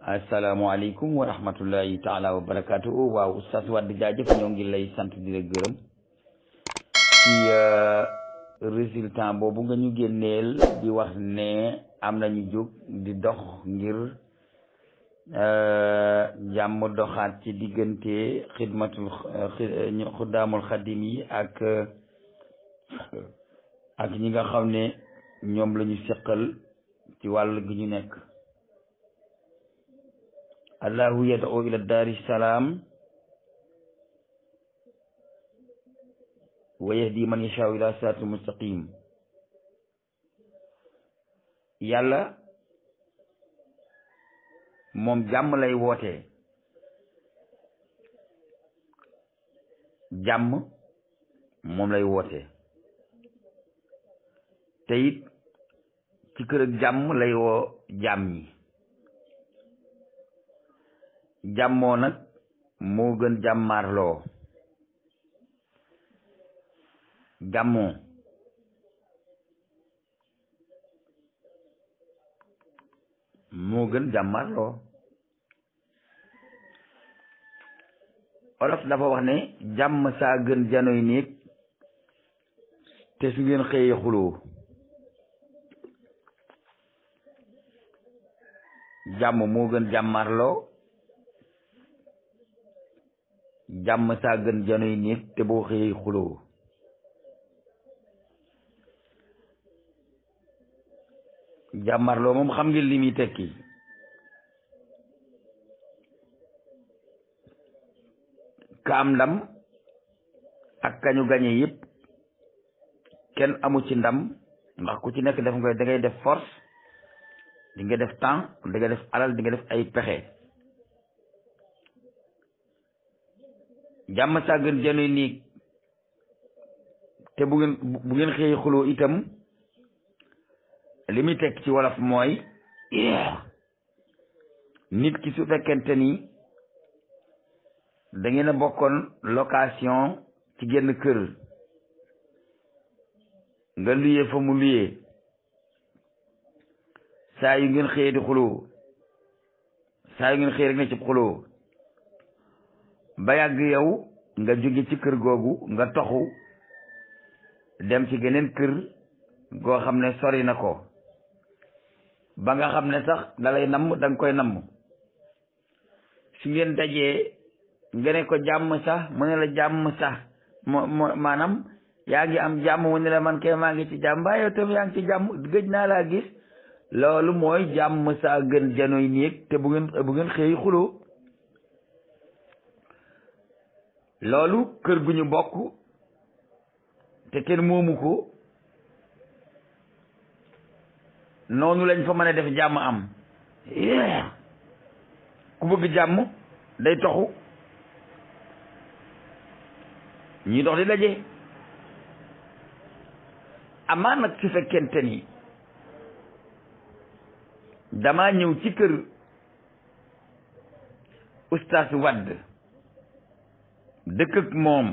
asalaamaaleykum wa rahmatullahi taala wa barakaatu waaw Oustaz Wade jaajëf ñoo ngi lay sant di la gërëm euh, boobu nga ñu génneel di wax ne am nañu jóg di dox ngir euh, jàmm doxaat ci diggante xidmatul euh, xuddaamul xadim yi ak ak ñi nga xam ne ñoom la sëqal ci wàll gi ñu nekk allahu yad'u ila daari salaam wa ni man yashaa'u ila siraatin mustaqim yàlla moom jàmm lay woote jàmm moom lay woote te ci kër ak jàmm lay woo jàmm ñi jàmmoo nag moo gën jàmmaarloo gàmmoo moo gën jàmmaarloo olof dafa wax ne jàmm saa gën janoy néeg te su ngeen xëyee xuloo jàmm moo gën jàmmarloo jàmm saa gën janoy néeg te boo xëyee xuloo jàmmarloo moom xam ngeen li muy tekki ndam ak kañu gañe yëpp kenn amu ci ndam ndax ku ci nekk def nga da ngay def force di nga def temps di def alal di nga def ay pexe jàmm saa gën janoy néeg te bu ngeen bu ngeen xëy xuloo itam li muy teg ci wolof mooy nit ki su fekkente ni da ngeen a bokkoon location ci genn kër nga luyee fa mu luyee saa yu ngeen xëyee di xulo saa yu ngeen xëyee rek ne ci xuloo ba yàgg yow nga jóge ci kër googu nga toxu dem ci geneen kër goo xam ne sori na ko ba nga xam ne sax dalay namm da koy namm si ngeen dajee nga ko jàmm sax mu ne la jàmm sax mo mo maanaam yaa ngi am jàmm mu ne la man kay maa ngi ci jàmm ba yow yaa ngi ci jàmm gëj naa laa gis loolu mooy jàmm saa gën janoy néeg te bu ngeen bu ngeen xëy xuloo loolu kër gu ñu bokk te kenn moomu ko noonu lañ fa mën a def jàmm am ku bëgg jàmm day toxu ñuy dox di daje amaa nag su fekkente ni dama ñëw ci kër ustaas Wade dëkk moom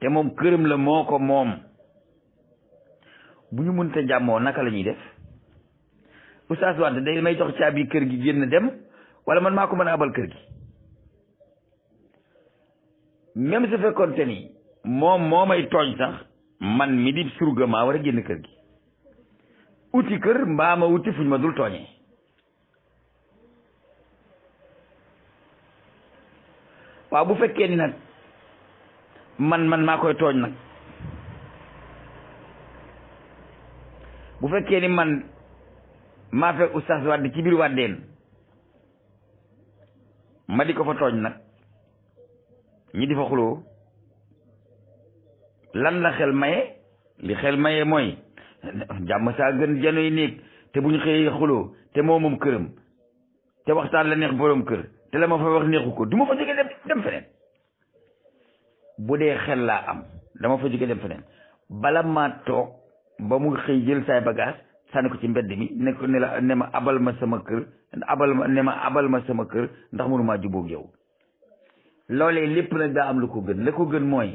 te moom këram la moo ko moom bu ñu mënta jàmmoo naka la ñuy def oustaz wante day may jox caabi kër gi génn dem wala man maa ko mën a abal kër gi même su fekkoon te ni moom moo may tooñ sax man mi di surga maa war a génn kër gi uti kër mbaam ma wuti fuñ ma dul tooñee waaw bu fekkee ni nag man man maa koy tooñ nag bu fekkee ni man maa fekk oustaz Wade ci biir Wadeen ma di ko fa tooñ nag ñi di fa xuloo lan la xel maye li xel maye mooy jàmm saa gën janoy néeg te bu ñu xëyee xuloo te moo moom këram te waxtaan la neex boroom kër te la ma fa wax neexu ko du ma fa jege dem feneen bu dee xel laa am dama fa jóge dem feneen bala maa toog ba mu xëy jël saay bagage sànni ko ci mbedd mi ne ko ne la ne ma abal ma sama kër abal ma ne ma ma sama kër ndax mënu maa jubóog yow loolee lépp nag daa am lu ko gën la ko gën mooy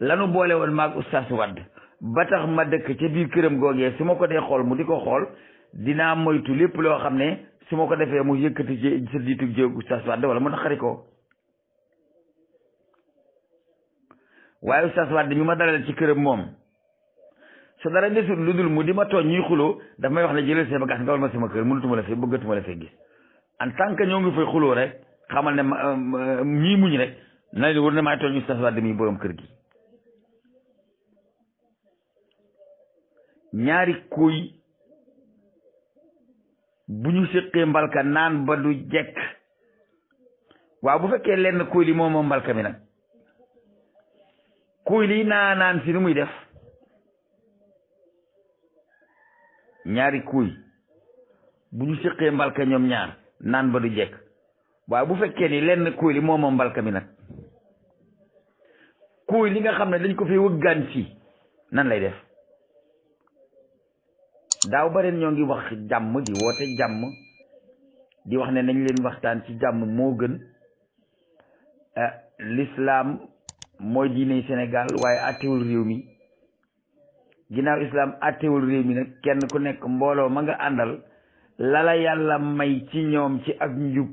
lanu boole woon maag oustaz Wade ba tax ma dëkk ci biir këram googee su ma ko dee xool mu di ko xool dinaa moytu lépp loo xam ne su ma ko defee mu yëkkati sa diitu jéeg oustaz Wade wala na xari ko waaye oustaz Wade mi ma dalal ci këram moom su dara desul lu dul mu di ma tooñ ñuy xuloo daf may wax ne jëlal say bagaas nga wal ma sama kër mënatuma la fee bëggatuma la fee gis en tant que ñoo ngi fay xuloo rek xamal ne euh, ñii muñ rek na leen war ne maay tooñ oustaz bu ñu séqee mbalka naan ba du jekk waaw bu fekkee lenn kuy li moom moom mbalka mi nag kuy lii naan si nu muy def ñaari kuy bu ñu sëqee mbalka ñoom ñaar naan ba du jekk waaye bu fekkee ni lenn kuy li moom moom mbalka mi nag kuy li nga xam ne dañ ko fi wëggaan si nan lay def daaw ba ren ñoo ngi wax jàmm di woote jàmm di wax ne nañ leen waxtaan ci jàmm moo gën eh, lislaam mooy diiney Sénégal waaye àttewul réew mi ginaaw islam àttewul réew mi nag kenn ku nekk mbooloo ma nga àndal lala yàlla may ci ñoom ci ak njub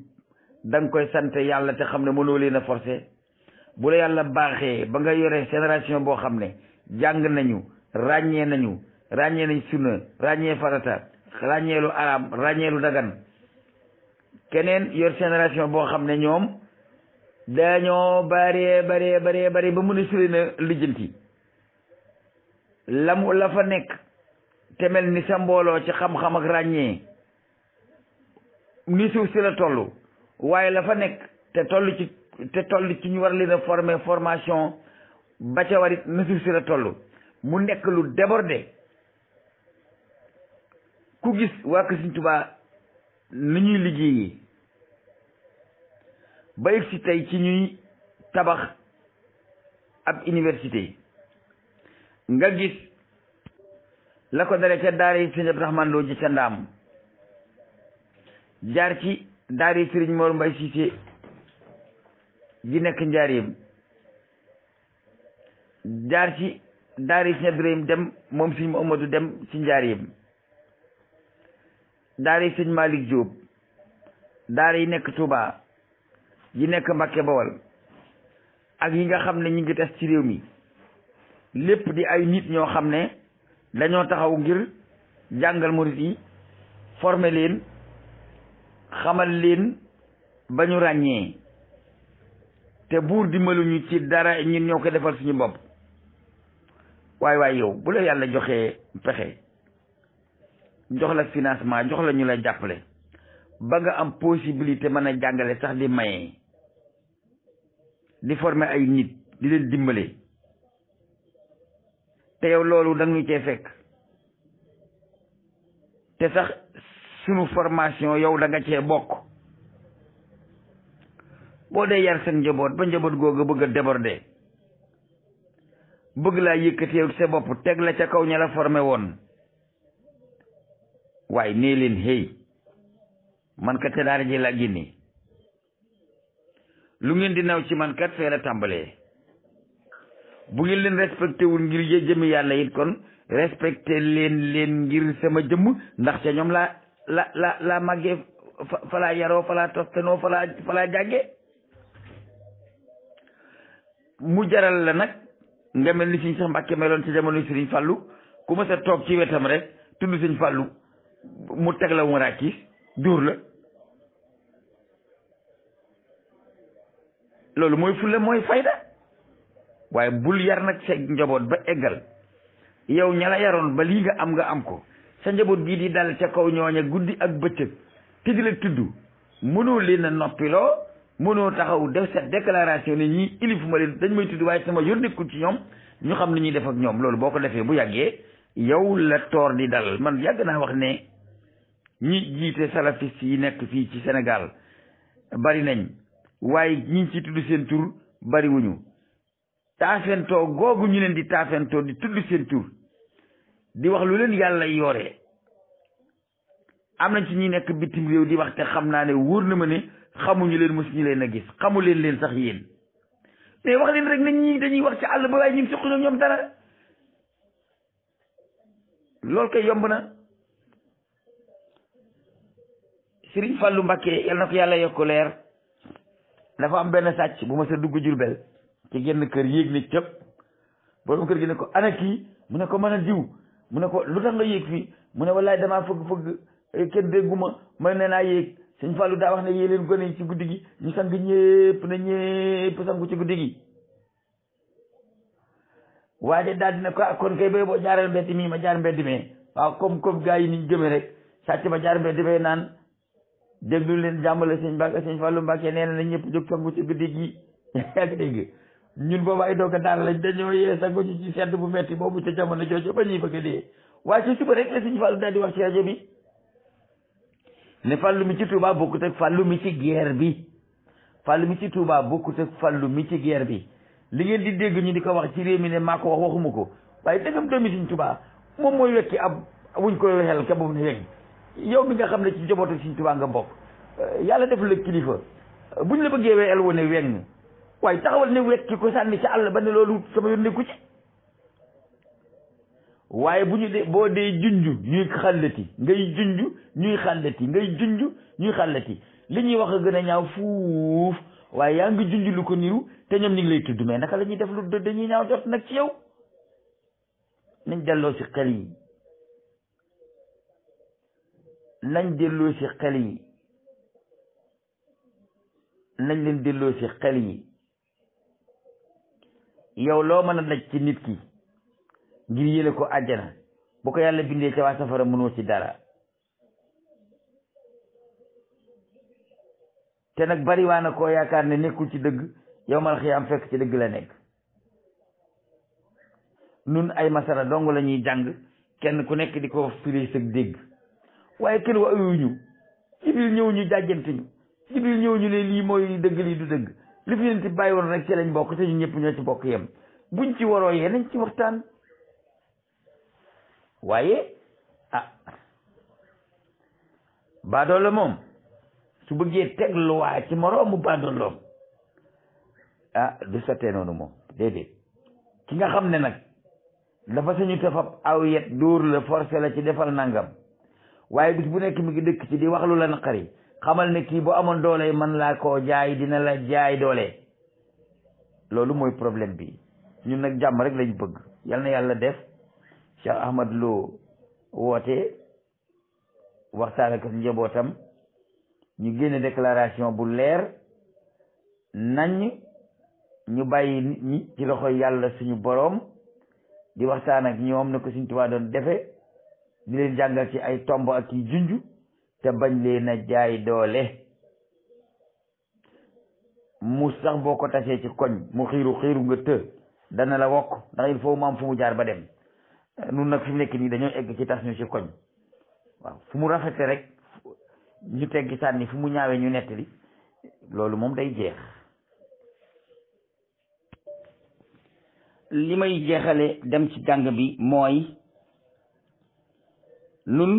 da koy sant yàlla te xam ne mënoo leen a forcé bu la yàlla baaxee ba nga yore sénération boo xam ne jàng nañu ràññee nañu ràññee nañ sunna ràññee farata ràññeelu araam ràññeelu dagan keneen yor génération boo xam ne ñoom dañoo bare bare ba mu a siri na lijjanti lamu la fa nekk te mel ni sa mbooloo ci xam-xam ak ràññee ni suuf si la toll waaye la fa nekk te toll ci te toll ci ñu war leen a former ba ca warit ni suuf si la toll mu nekk lu débordé ku gis waa Sëriñ Tuubaa ni ñuy liggéeyee ba yëg si tey ci ñuy tabax ab université nga gis la ko dale ca daara yi sëriñ Abdourahmane Lo ji ca ndaam jaar ci daara yi sëriñ Mor Mbay Siise ji nekk njaareem jaar ci daara yi sëriñ Abdourahim dem moom sëriñ Muhammadu dem ci njaareem daara yi sëriñ Malick Jóob daar yi nekk Tuubaa yi nekk Mbàkke Bawol ak yi nga xam ne ñu ngi des ci réew mi lépp di ay nit ñoo xam ne dañoo taxaw ngir jàngal murit yi former leen xamal leen ba ñu ràññee te buur dimbaluñu ci dara ñun ñoo ko defal suñu bopp waaye waaye yow bu la yàlla joxee pexe jox la financement jox la ñu la jàppale ba nga am possibilité mën a jàngale sax di maye di former ay nit di leen dimbale te yow loolu danga ñu cee fekk te sax sunu formation yow da nga cee bokk boo dee yar seen njaboot ba njaboot googu bëgg a bëgg laa yëkkati yow sa bopp teg la ca kaw ña la formé woon waaye nee leen hey man kat daara ji laa génne lu ngeen di naaw ci man kat fee la tàmbalee bu ngeen leen respecté wul ngir yë yàlla it kon respecté leen leen ngir sama jëmm ndax ca ñoom laa la la la màggee fa laa yaroo fa laa tostanoo fa laa fa laa jàgge mu jaral la nag nga mel ni Sëriñ Seex Mbàkke meloon ci jamono Sëriñ Fàllu ku ma toog ci wetam rek tudd Sëriñ Fàllu mu teg la mu ràkkis dóor la loolu mooy fulla mooy fayda waaye bul yar nag sa njaboot ba eggal yow ña la yaroon ba lii nga am nga am ko sa njaboot gii di dal ca kaw ñooña guddi ak bëccëg te di la tudd mënoo leen a noppiloo mënoo taxaw def sa déclaration ne ñii ilif ma leen dañ may tudd waaye sama yor nekkul ci ñoom ñu xam ni ñuy def ak ñoom loolu boo ko defee bu yàggee yow la toor di dal man yàgg naa wax ne ñi jiite salafiste yi nekk fii ci Sénégal bari nañ waaye ñiñ ci tudd seen tur bari wuñu taafentoo googu ñu leen di taafentoo di tudd seen tur di wax lu leen yàlla yoore am na ci ñi nekk bitim réew di wax te xam naa ne wóor na ma ne xamuñu leen mosuñu leen a gis xamu leen leen sax yéen mais wax leen rek nañ dañuy wax ci àll ba waaye ñun suq ñoom ñoom dara loolu kay yomb na Serigne Fallou Mbacké yal na ko yàlla yokk leer dafa am benn sàcc bu ma sa dugg Jurbel ci genn kër yéeg ne cëpp borom kër gi ne ko ana kii mu ne ko mën a diw mu ne ko lu tax nga yéeg fii mu ne wallaay damaa fëgg-fëgg eh, kenn dégguma ma ne naa yéeg sëñ Fallou daa wax ne yée leen gone yi ci guddi gi ñu sang ñépp na ñépp sangu ci guddi gi waaye daal dina ko ak ah, kon kay bay boo jaaral mbedd mii ma jaar mbedd mee waaw comme comme gars yi niñ gëmee rek sàcc ma jaar mbedd mee naan déglu leen jàmbale sëñ Mbàkke sëñ Fàllu Mbàkke nee na ñëpp jóg sangu ci guddi gi yaa dégg ñun boobu ay dooga daara lañ dañoo yee sangu ci ci sedd bu metti boobu ca jamono jooju ba ñuy bëgg dee waaye ci suba rek la sëñ Fàllu di wax ci rajo bi ne fàllu mi ci Tuubaa bokkut ak fàllu mi ci guerre bi fàllu ci Tuubaa bokkut ak fàllu mi ci guerre bi li ngeen di dégg ñu di ko wax ci réew mi ne maa ko wax waxuma ko waaye dëggam doomi sëñ Tuubaa moom mooy wekki ab wuñ koy wexel ka boobu ne yow mi nga xam ne ci njabootu Sëriñ Tuubaa nga bokk yàlla def la kilifa buñ la bëggee weel wane weng waaye taxawal ne wekki ko sànni ci àll ba ne loolu sama yoon nekku ci waaye bu ñu dee boo dee junj ñuy xàllati ngay junj ñuy xàllati ngay junj ñuy xàllati li ñuy wax a gën a ñaaw fuuf waaye yaa ngi junj lu ko niru te ñoom ñu ngi lay tudd mais naka la ñuy def lu dañuy ñaaw jot nag ci yow nañ delloo ci xel yi nañ delloo ci xel yi nañ leen delloo ci xel yi yow loo mën a daj ci nit ki ngir yële ko àjjana bu ko yàlla bindee ca waa safara mënoo ci dara te nag bari waa koo yaakaar ne nekkul ci dëgg yow mal xiyaam fekk ci dëgg la nekk nun ay masala dong lañuy jàng kenn ku nekk di ko firi sëg dégg waaye kenn wa ayuñu jibril ñëw ñu jàjjante ñu ñëw ñu ne lii mooy dëgg lii du dëgg li fi bàyyi woon rek ci lañ bokk te ñu ñëpp ñoo ci bokk yem buñ ci waroo yee nañ ci waxtaan waaye ah baadoola moom su bëggee teg luwaa ci moroomu baadooloom ah du sottee noonu moom déedéet ki nga xam ne nag dafa sañu tafab aw yet dóor la forcé la ci defal nangam waaye bis bu nekk mi ngi dëkk ci di wax lu la naqari xamal ne kii bu amoon doole man laa koo jaay dina la jaay doole loolu mooy problème bi ñun nag jàmm rek lañ bëgg yal na yàlla def Cheikh Ahmad Lo woote waxtaan ak njabootam ñu génne déclaration bu leer nañ ñu bàyyi nit ñi ci loxo yàlla suñu boroom di waxtaan ak ñoom ne ko suñ tubaab doon defe di leen jàngal ci ay tomb ak i junj te bañ leen a jaay doole mu sax boo ko tasee ci koñ mu xiiru xiiru nga të dana la wokk ndax il faut mu fu mu jaar ba dem nun nag fi nekk nii dañoo egg ci tas ñu ci koñ waaw fu mu rafete rek ñu teggi sànni fu mu ñaawee ñu nekk li loolu moom day jeex li may jeexale dem ci jàng bi mooy nun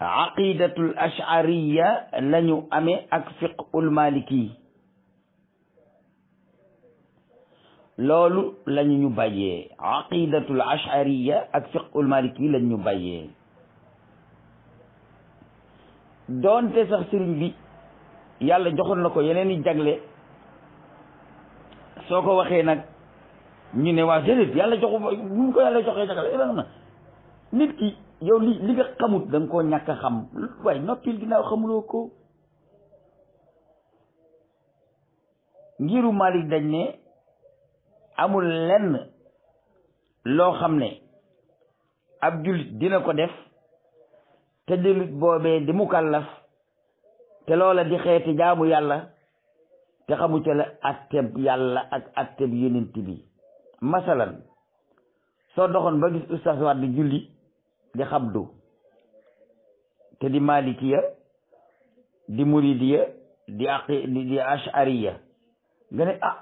aqidatul ashariya lañu ame ak fiqul maliki loolu lañu ñu baye aqidatul ashariya ak fiqul maliki lañ ñu bàyyee doonte sax sëriñ bi yàlla joxoon na ko yeneen i jagle soo ko waxee nag ñu ne waa déedéet yàlla joxu bu ko yàlla joxee jagle eh, nit ki yow li li nga xamut da koo ñàkk xam waaye noppil ginnaaw xamuloo ko ngiru Malik dañ ne amul lenn loo xam ne ab jullit dina ko def te jullit boobee di mukallaf te loola di xeeti jaamu yàlla te xamu ca la atteb yàlla ak atteb yonent bi masalan soo doxoon ba gis ustaas waat di julli di xabdu te di malikiya di muridiya di aqi di ashariya nga ne ah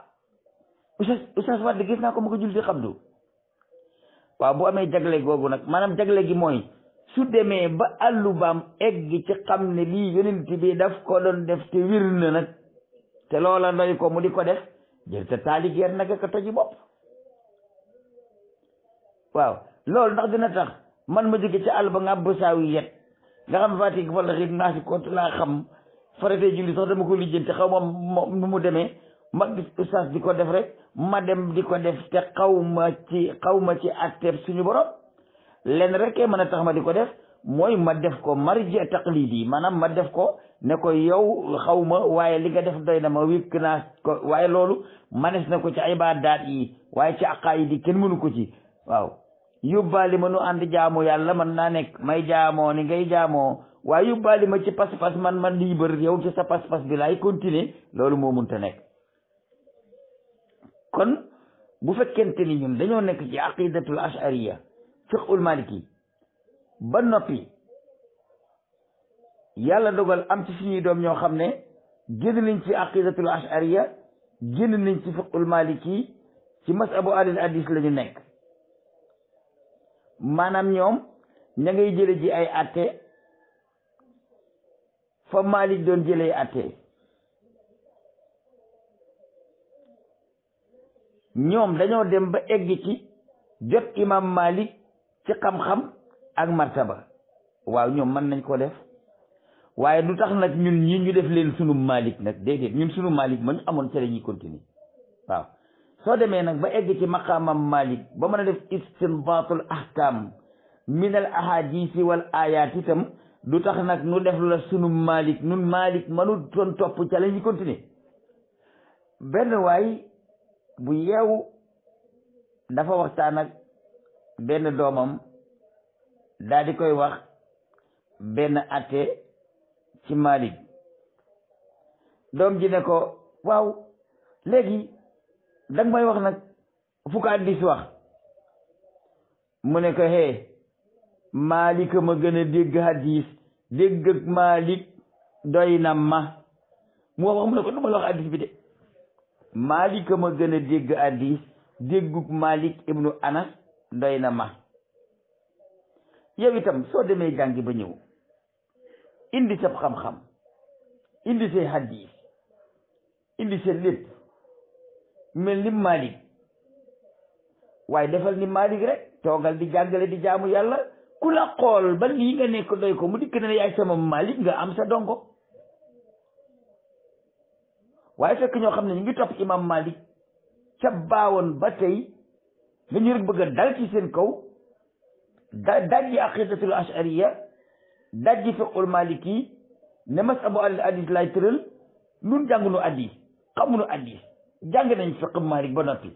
oustaz oustaz Wade gis naa ko mu ko jul di xabdu waaw bu amee jagle googu nag maanaam jagle gi mooy su demee ba àllu baam egg ci xam ne lii yonent bi daf ko doon def te wir na nag te loola doy ko mu di ko def jël te taaligeer nag ak toji bopp waaw loolu ndax dina tax man ma jóge ca àll ba nga bësaawi yet nga xam Fatick wala xëy naa si kott laa xam faratee julli sax dama ko lijjanti xaw ma nu mu demee ma gis oustaz di ko def rek ma dem di ko def te xaw ma ci xaw ma ci àtteeb suñu borom lenn rek mën a tax ma di ko def mooy ma def ko ma marji lii yi maanaam ma def ko ne ko yow xaw ma waaye li nga def doy na ma wékk naa waaye loolu manes na ko ci ibaadaat yi waaye ci aqaayid yi kenn mënu ko ci waaw yóbbaale ma nu ànd jaamu yàlla man naa nekk may jaamoo ni ngay jaamoo waaye yóbbaale ma ci pas-pas man man liibar yow ci sa pas-pas bi laay continuer loolu moo mun te nekk kon bu fekkente ni ñun dañoo nekk ci aqidatul ashariya fiqul maliki ba noppi yàlla dogal am ci suñuy doom ñoo xam ne génn nañ ci aqidatul ashariya génn nañ ci fiqul maliki ci masabu alil hadis la ñu nekk maanaam ñoom ña ngay jële ji ay atte fa Malik doon jëlee atte ñoom dañoo dem ba egg ci jot imam Malik ci xam-xam ak ba waaw ñoom mën nañ koo def waaye du tax nag ñun ñi ñu def leen sunu Malik nag déedéet ñun sunu Malik man amoon ca la ñuy continuer waaw soo demee nag ba egg ci maqaamam malik ba mën a def istinbaatul ahkam min al ahadisi wal ayaat itam du tax nag nu def la sunu malik nun malik mënu doon topp ca la ñu benn waay bu yeewu dafa waxtaan ak benn doomam daa di koy wax benn atte ci malik doom ji ne ko waaw léegi danga may wax nag fukk ak dis wax mu ne ko hee Malik ma gën a dégg hadis dégg Malik doy na ma mu wax wax mu ne ko du wax hadis bi de Malik ma gën a dégg hadis dégguk Malik ibnu Anas doy na ma yow itam soo demee jàngi ba ñëw indi sab xam-xam indi say hadis indi sa lépp mel ni Malik waaye defal ni Malik rek toogal di jàngale di jaamu yàlla ku la xool ba lii nga nekk doy ko mu dikk ne yaay sama Malik nga am sa dongo waaye fekk ñoo xam ne ñu ngi topp imam Malik ca baawoon ba tey dañu rek bëgg a dal ci seen kaw da dajji aqidatul ashariya dajji fiqul maliki ne mas abu al hadis tëral nun jàngunu hadis xamunu hadis jàng nañ fiq Malik ba noppi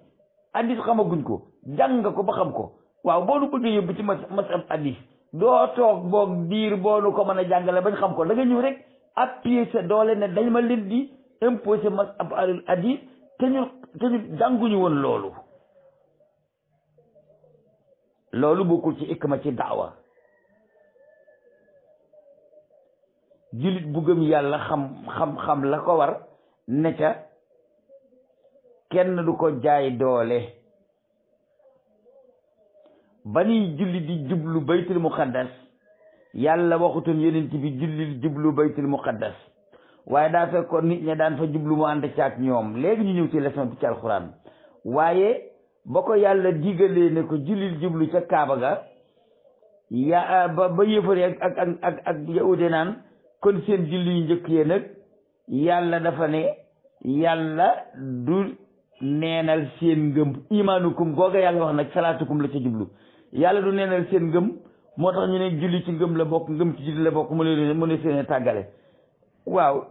addis xamaguñ ko jàng ko ba xam ko waaw boo nu bëggee yóbbu ci mas masab addis doo toog boog diir boo ko mën a jàngale bañ xam ko da nga ñëw rek appuyer sa doole ne dañ ma leen di imposer masab addis te ñu te ñu jànguñu woon loolu loolu bokkul ci ikma ci daawa jullit bu yàlla xam xam xam la ko war ne ca kenn du ko jaay doole ba ñuy julli di jublu baytul muqaddas yàlla waxutoon yonent bi julli jublu baytul muqaddas waaye daa fekkoon nit ñi daan fa jublu mu ànd caag ñoom léegi ñu ñëw ci bi ci alxuraan waaye ba ko yàlla digalee ne ko jullil jublu ca kaaba ga ya ba ba yëfari ak ak ak ak ak naan kon seen julli yu njëkk yee nag yàlla dafa ne yàlla du neenal seen ngëm imaanukum googa yàlla wax nag salaatukum la ca jublu yàlla du neenal seen ngëm moo tax ñu ne julli ci ngëm la bokk ngëm ci julli la bokk mu ne mu seen tàggale waaw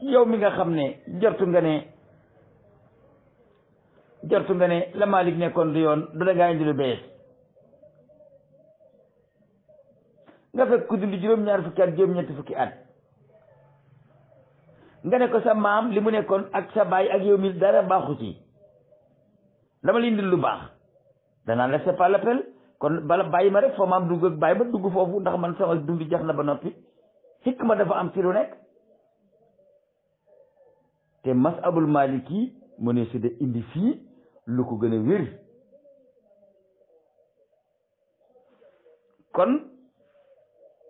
yow mi nga xam ne jortu nga ne jortu nga ne la Malick nekkoon du yoon du da ngaa indi lu bees nga fekk ku dund juróom-ñaar fukki at juróom-ñetti fukki at nga ne ko sa maam li mu nekkoon ak sa baay ak yow mi dara baaxu ci dama lay indil lu baax danaa la c'est pas l'appel kon bala bàyyi ma rek foo maam dugg ak ma dugg foofu ndax man sama dund jax na ba noppi sikk ma dafa am ci lu nekk te masabul maliki mu ne su de indi fii lu ko gën a wér kon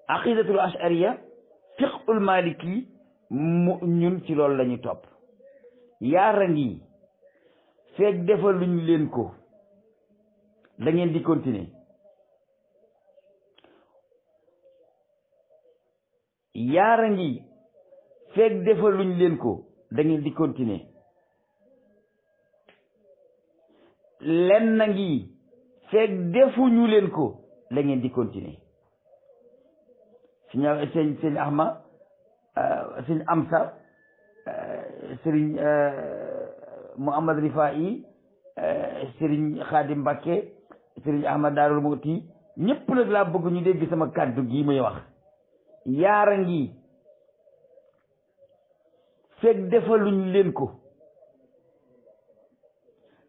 aqidatul ashariya fiqul maliki mu ñun ci lool lañuy topp yaara ngi feeg defaluñ leen ko dangeen di di yaar yaara ngi feeg defaluñ leen ko da ngeen di continé lenn na ngi feeg defuñu ko dangeen ngeen di continuer siña sëñ sëñ Axma sëñ Amsa sëriñ Muhammad Rifaa'i sëriñ Xaadim Mbàkke sëriñ Ahmad Daarul Muti ñëpp nag laa bëgg ñu dégg sama kàddu gii muy wax yaara ngi fekk defaluñ leen ko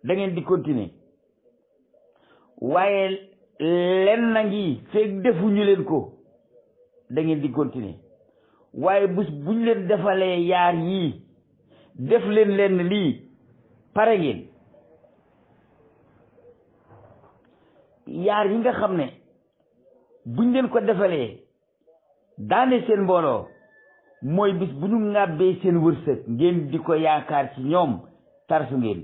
da ngeen di continuer waaye lenn na ngi fekk defuñu leen ko da ngeen di continuer waaye bés buñ leen defalee yaar yii def leen leen lii pare ngeen yaar yi nga xam ne buñ leen ko defalee daane seen mbooloo mooy bis bu ñu ŋàbbee seen wërsëg ngeen di ko yaakaar ci ñoom tarsu ngeen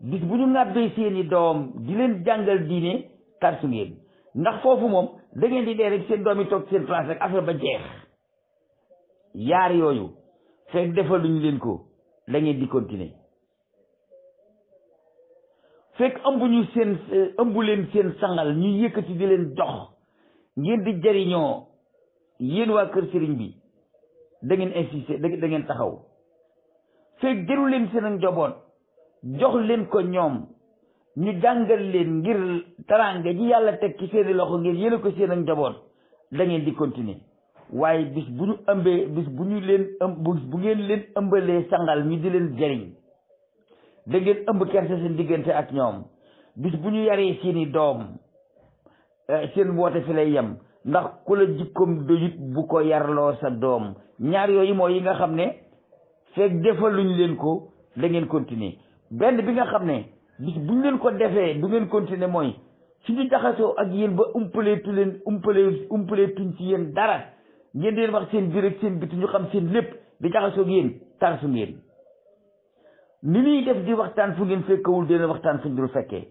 bis bu ñu ŋàbbee seeni doom di leen jàngal diine tarsu ngeen ndax foofu moom da di dee rek seen doom yi toog seen place rek affaire ba jeex yaar yooyu fekk defaluñ leen ko da ngeen di continuer fekk ëmbuñu seen ëmbu leen seen sangal ñu yëkkati di leen dox ngeen di jariñoo yéen waa kër sëriñ bi da ngeen insisté da ngeen taxaw fekk jëru leen seen ak njaboot jox leen ko ñoom ñu jàngal leen ngir taraanga ji yàlla teg ci seeni loxo ngeen yéene ko seen ak njaboot da di continuer waaye bis bu ñu ëmbee bis bu ñu leen ëm bu ngeen leen ëmbalee sangal mi di leen jëriñ da ngeen ëmb kersa seen diggante ak ñoom bis bu ñu yaree seeni doom eh, seen woote fi lay yem ndax ku la jikkoom doyut bu ko yarloo sa doom ñaar yooyu mooy yi nga xam ne fekk defaluñ leen ko da ngeen continuer benn bi nga xam ne bis bu ñu leen ko defee du ngeen continuer mooy su ñu jaxasoo ak yéen ba umpalee tu leen umpalee umpalee tuñ ci yéen dara ngeen di wax seen biir ak seen biti ñu xam seen lépp di jaxasoog yéen tarasu ngeen ni ñuy def di waxtaan fu ngeen fekkawul dina waxtaan fu dul fekkee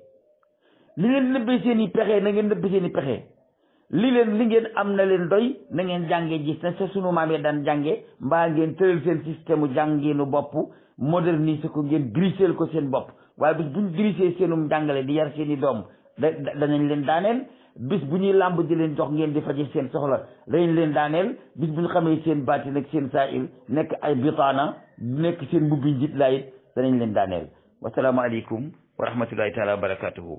li ngeen nëbbee seen i pexe na ngeen nëbbee seen i pexe li leen li ngeen am na leen doy na ngeen jànge gis na sa sunu maam yi daan jànge mbaa ngeen tëral seen système u jàngeenu bopp moderniser ko ngeen griseel ko seen bopp waaye bis buñ grisee seenum jàngale di yar seen i doom da danañ leen daaneel bis bu ñuy làmb di leen jox ngeen di faje seen soxla lañ leen daaneel bis bu ñu xamee seen baatin ak seen saa'il nekk ay bitaana nekk seen mbubbi njit laayit danañ leen daaneel wasalaamaaleykum wa rahmatullahi taala wa barakatuhu